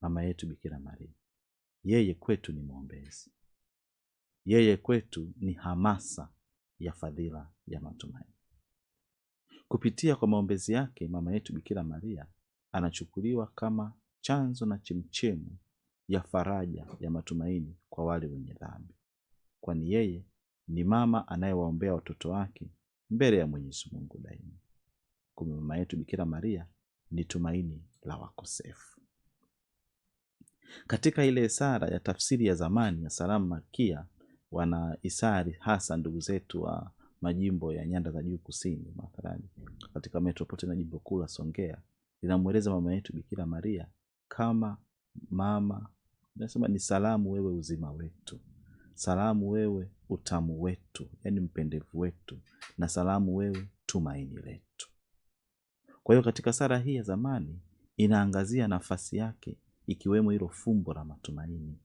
mama yetu Bikira Maria. Yeye kwetu ni mwombezi, yeye kwetu ni hamasa ya fadhila ya matumaini. Kupitia kwa maombezi yake, mama yetu Bikira Maria anachukuliwa kama chanzo na chemchemu ya faraja ya matumaini kwa wale wenye dhambi, kwani yeye ni mama anayewaombea watoto wake mbele ya Mwenyezi Mungu daima. Kumbe mama yetu Bikira Maria ni tumaini la wakosefu. Katika ile isara ya tafsiri ya zamani ya salamu makia wana isari hasa ndugu zetu wa majimbo ya nyanda za juu kusini, mathalani katika metropolitani ya jimbo kuu la Songea, linamweleza mama yetu Bikira Maria kama mama, nasema ni salamu wewe uzima wetu, salamu wewe utamu wetu, yani mpendevu wetu, na salamu wewe tumaini letu. Kwa hiyo katika sara hii ya zamani inaangazia nafasi yake ikiwemo hilo fumbo la matumaini.